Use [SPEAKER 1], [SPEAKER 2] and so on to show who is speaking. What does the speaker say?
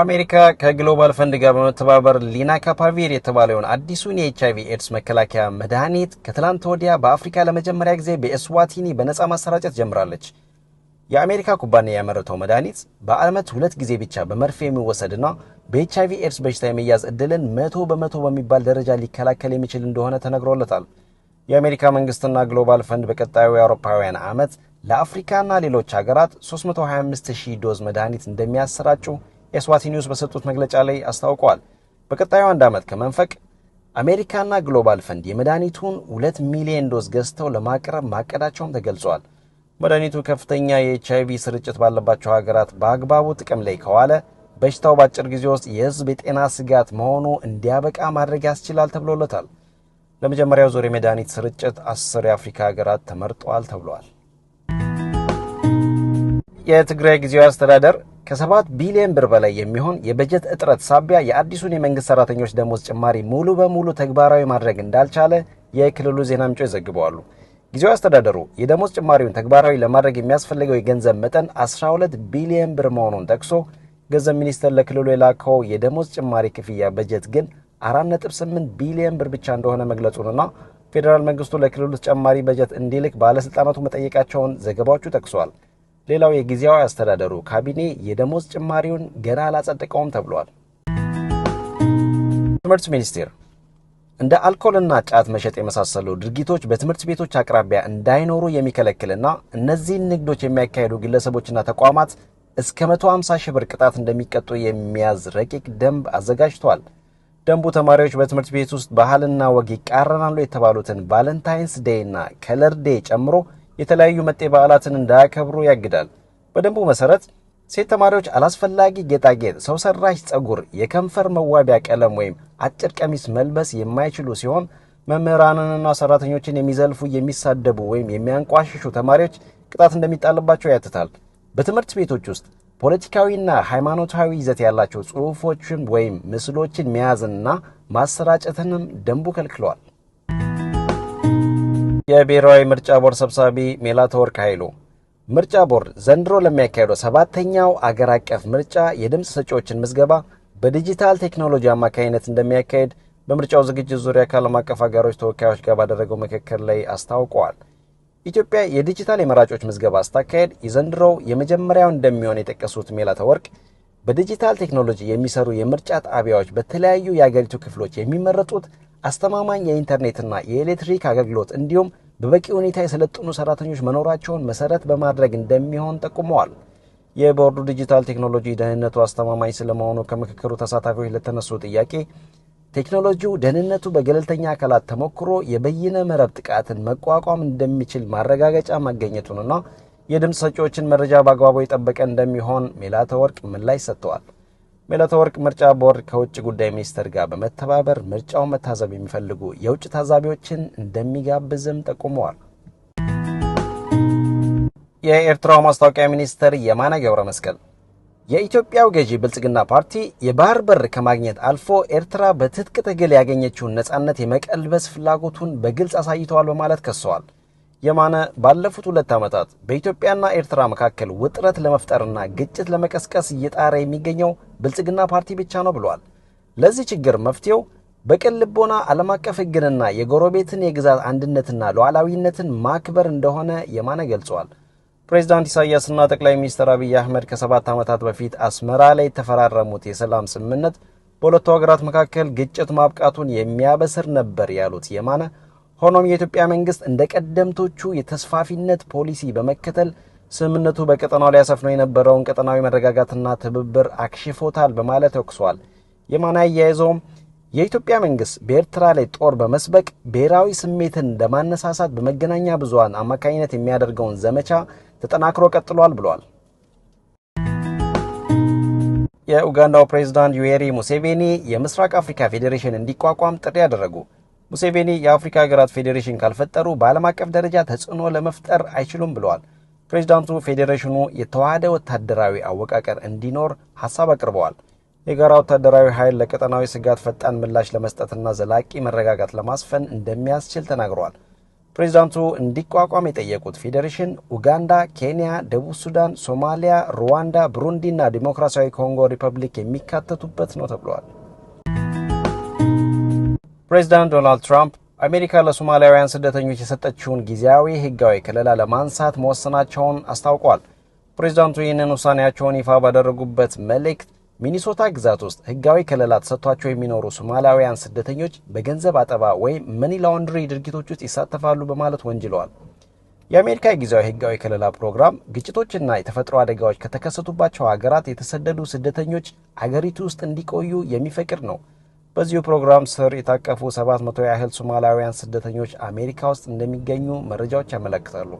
[SPEAKER 1] አሜሪካ ከግሎባል ፈንድ ጋር በመተባበር ሊናካፓቪር የተባለውን አዲሱን የኤች አይቪ ኤድስ መከላከያ መድኃኒት ከትላንት ወዲያ በአፍሪካ ለመጀመሪያ ጊዜ በኤስዋቲኒ በነፃ ማሰራጨት ጀምራለች። የአሜሪካ ኩባንያ ያመረተው መድኃኒት በዓመት ሁለት ጊዜ ብቻ በመርፌ የሚወሰድና በኤች አይቪ ኤድስ በሽታ የመያዝ እድልን መቶ በመቶ በሚባል ደረጃ ሊከላከል የሚችል እንደሆነ ተነግሮለታል። የአሜሪካ መንግስትና ግሎባል ፈንድ በቀጣዩ የአውሮፓውያን ዓመት ለአፍሪካና ሌሎች ሀገራት 325 ሺህ ዶዝ መድኃኒት እንደሚያሰራጩ ኒውስ በሰጡት መግለጫ ላይ አስታውቀዋል። በቀጣዩ አንድ ዓመት ከመንፈቅ አሜሪካና ግሎባል ፈንድ የመድኃኒቱን ሁለት ሚሊዮን ዶዝ ገዝተው ለማቅረብ ማቀዳቸውም ተገልጿል። መድኃኒቱ ከፍተኛ የኤች አይቪ ስርጭት ባለባቸው ሀገራት በአግባቡ ጥቅም ላይ ከዋለ በሽታው በአጭር ጊዜ ውስጥ የህዝብ የጤና ስጋት መሆኑ እንዲያበቃ ማድረግ ያስችላል ተብሎለታል። ለመጀመሪያው ዙር የመድኃኒት ስርጭት አስር የአፍሪካ ሀገራት ተመርጠዋል ተብሏል። የትግራይ ጊዜያዊ አስተዳደር ከሰባት ቢሊዮን ብር በላይ የሚሆን የበጀት እጥረት ሳቢያ የአዲሱን የመንግስት ሰራተኞች ደሞዝ ጭማሪ ሙሉ በሙሉ ተግባራዊ ማድረግ እንዳልቻለ የክልሉ ዜና ምንጮች ዘግበዋሉ። ጊዜያዊ አስተዳደሩ የደሞዝ ጭማሪውን ተግባራዊ ለማድረግ የሚያስፈልገው የገንዘብ መጠን 12 ቢሊዮን ብር መሆኑን ጠቅሶ ገንዘብ ሚኒስቴር ለክልሉ የላከው የደሞዝ ጭማሪ ክፍያ በጀት ግን 4.8 ቢሊዮን ብር ብቻ እንደሆነ መግለጹንና ፌዴራል መንግስቱ ለክልሉ ተጨማሪ በጀት እንዲልክ ባለስልጣናቱ መጠየቃቸውን ዘገባዎቹ ጠቅሰዋል። ሌላው የጊዜያዊ አስተዳደሩ ካቢኔ የደሞዝ ጭማሪውን ገና አላጸደቀውም ተብሏል። ትምህርት ሚኒስቴር እንደ አልኮልና ጫት መሸጥ የመሳሰሉ ድርጊቶች በትምህርት ቤቶች አቅራቢያ እንዳይኖሩ የሚከለክልና እነዚህን ንግዶች የሚያካሂዱ ግለሰቦችና ተቋማት እስከ 150 ሺህ ብር ቅጣት እንደሚቀጡ የሚያዝ ረቂቅ ደንብ አዘጋጅቷል። ደንቡ ተማሪዎች በትምህርት ቤት ውስጥ ባህልና ወግ ይቃረናሉ የተባሉትን ቫለንታይንስ ዴይ ከለር ዴይ ጨምሮ የተለያዩ መጤ በዓላትን እንዳያከብሩ ያግዳል። በደንቡ መሰረት ሴት ተማሪዎች አላስፈላጊ ጌጣጌጥ፣ ሰው ሰራሽ ጸጉር፣ የከንፈር መዋቢያ ቀለም ወይም አጭር ቀሚስ መልበስ የማይችሉ ሲሆን መምህራንንና ሰራተኞችን የሚዘልፉ፣ የሚሳደቡ ወይም የሚያንቋሽሹ ተማሪዎች ቅጣት እንደሚጣልባቸው ያትታል። በትምህርት ቤቶች ውስጥ ፖለቲካዊና ሃይማኖታዊ ይዘት ያላቸው ጽሑፎችን ወይም ምስሎችን መያዝንና ማሰራጨትንም ደንቡ ከልክለዋል። የብሔራዊ ምርጫ ቦርድ ሰብሳቢ ሜላትወርቅ ኃይሉ ምርጫ ቦርድ ዘንድሮ ለሚያካሄደው ሰባተኛው አገር አቀፍ ምርጫ የድምፅ ሰጪዎችን ምዝገባ በዲጂታል ቴክኖሎጂ አማካኝነት እንደሚያካሄድ በምርጫው ዝግጅት ዙሪያ ከዓለም አቀፍ አጋሮች ተወካዮች ጋር ባደረገው ምክክር ላይ አስታውቀዋል። ኢትዮጵያ የዲጂታል የመራጮች ምዝገባ ስታካሄድ የዘንድሮው የመጀመሪያው እንደሚሆን የጠቀሱት ሜላተወርቅ በዲጂታል ቴክኖሎጂ የሚሰሩ የምርጫ ጣቢያዎች በተለያዩ የአገሪቱ ክፍሎች የሚመረጡት አስተማማኝ የኢንተርኔትና የኤሌክትሪክ አገልግሎት እንዲሁም በበቂ ሁኔታ የሰለጠኑ ሰራተኞች መኖራቸውን መሰረት በማድረግ እንደሚሆን ጠቁመዋል። የቦርዱ ዲጂታል ቴክኖሎጂ ደህንነቱ አስተማማኝ ስለመሆኑ ከምክክሩ ተሳታፊዎች ለተነሱ ጥያቄ ቴክኖሎጂው ደህንነቱ በገለልተኛ አካላት ተሞክሮ የበይነ መረብ ጥቃትን መቋቋም እንደሚችል ማረጋገጫ ማገኘቱንና የድምፅ ሰጪዎችን መረጃ በአግባቡ የጠበቀ እንደሚሆን ሜላተወርቅ ወርቅ ምላሽ ሰጥተዋል። ሜላተወርቅ ምርጫ ቦርድ ከውጭ ጉዳይ ሚኒስቴር ጋር በመተባበር ምርጫውን መታዘብ የሚፈልጉ የውጭ ታዛቢዎችን እንደሚጋብዝም ጠቁመዋል። የኤርትራው ማስታወቂያ ሚኒስትር የማነ ገብረ መስቀል የኢትዮጵያው ገዢ ብልጽግና ፓርቲ የባህር በር ከማግኘት አልፎ ኤርትራ በትጥቅ ትግል ያገኘችውን ነጻነት የመቀልበስ ፍላጎቱን በግልጽ አሳይተዋል በማለት ከሰዋል። የማነ ባለፉት ሁለት ዓመታት በኢትዮጵያና ኤርትራ መካከል ውጥረት ለመፍጠርና ግጭት ለመቀስቀስ እየጣረ የሚገኘው ብልጽግና ፓርቲ ብቻ ነው ብሏል። ለዚህ ችግር መፍትሄው በቅን ልቦና ዓለም አቀፍ ሕግንና የጎረቤትን የግዛት አንድነትና ሉዓላዊነትን ማክበር እንደሆነ የማነ ገልጿል። ፕሬዚዳንት ኢሳያስና ጠቅላይ ሚኒስትር አብይ አህመድ ከሰባት ዓመታት በፊት አስመራ ላይ የተፈራረሙት የሰላም ስምምነት በሁለቱ ሀገራት መካከል ግጭት ማብቃቱን የሚያበስር ነበር ያሉት የማነ ሆኖም የኢትዮጵያ መንግስት እንደ ቀደምቶቹ የተስፋፊነት ፖሊሲ በመከተል ስምምነቱ በቀጠናው ላይ ያሰፍነው የነበረውን ቀጠናዊ መረጋጋትና ትብብር አክሽፎታል በማለት ወቅሷል። የማነ አያይዘውም የኢትዮጵያ መንግስት በኤርትራ ላይ ጦር በመስበቅ ብሔራዊ ስሜትን ለማነሳሳት በመገናኛ ብዙኃን አማካኝነት የሚያደርገውን ዘመቻ ተጠናክሮ ቀጥሏል ብሏል። የኡጋንዳው ፕሬዝዳንት ዩዌሪ ሙሴቬኒ የምስራቅ አፍሪካ ፌዴሬሽን እንዲቋቋም ጥሪ አደረጉ። ሙሴቬኒ የአፍሪካ ሀገራት ፌዴሬሽን ካልፈጠሩ በዓለም አቀፍ ደረጃ ተጽዕኖ ለመፍጠር አይችሉም ብለዋል። ፕሬዚዳንቱ ፌዴሬሽኑ የተዋሃደ ወታደራዊ አወቃቀር እንዲኖር ሀሳብ አቅርበዋል። የጋራ ወታደራዊ ኃይል ለቀጠናዊ ስጋት ፈጣን ምላሽ ለመስጠትና ዘላቂ መረጋጋት ለማስፈን እንደሚያስችል ተናግረዋል። ፕሬዚዳንቱ እንዲቋቋም የጠየቁት ፌዴሬሽን ኡጋንዳ፣ ኬንያ፣ ደቡብ ሱዳን፣ ሶማሊያ፣ ሩዋንዳ፣ ብሩንዲ እና ዲሞክራሲያዊ ኮንጎ ሪፐብሊክ የሚካተቱበት ነው ተብለዋል። ፕሬዚዳንት ዶናልድ ትራምፕ አሜሪካ ለሶማሊያውያን ስደተኞች የሰጠችውን ጊዜያዊ ህጋዊ ከለላ ለማንሳት መወሰናቸውን አስታውቋል። ፕሬዚዳንቱ ይህንን ውሳኔያቸውን ይፋ ባደረጉበት መልእክት ሚኒሶታ ግዛት ውስጥ ህጋዊ ከለላ ተሰጥቷቸው የሚኖሩ ሶማሊያውያን ስደተኞች በገንዘብ አጠባ ወይም መኒ ላውንድሪ ድርጊቶች ውስጥ ይሳተፋሉ በማለት ወንጅለዋል። የአሜሪካ የጊዜያዊ ህጋዊ ከለላ ፕሮግራም ግጭቶችና የተፈጥሮ አደጋዎች ከተከሰቱባቸው ሀገራት የተሰደዱ ስደተኞች አገሪቱ ውስጥ እንዲቆዩ የሚፈቅድ ነው። በዚሁ ፕሮግራም ስር የታቀፉ ሰባት መቶ ያህል ሶማሊያውያን ስደተኞች አሜሪካ ውስጥ እንደሚገኙ መረጃዎች ያመለክታሉ።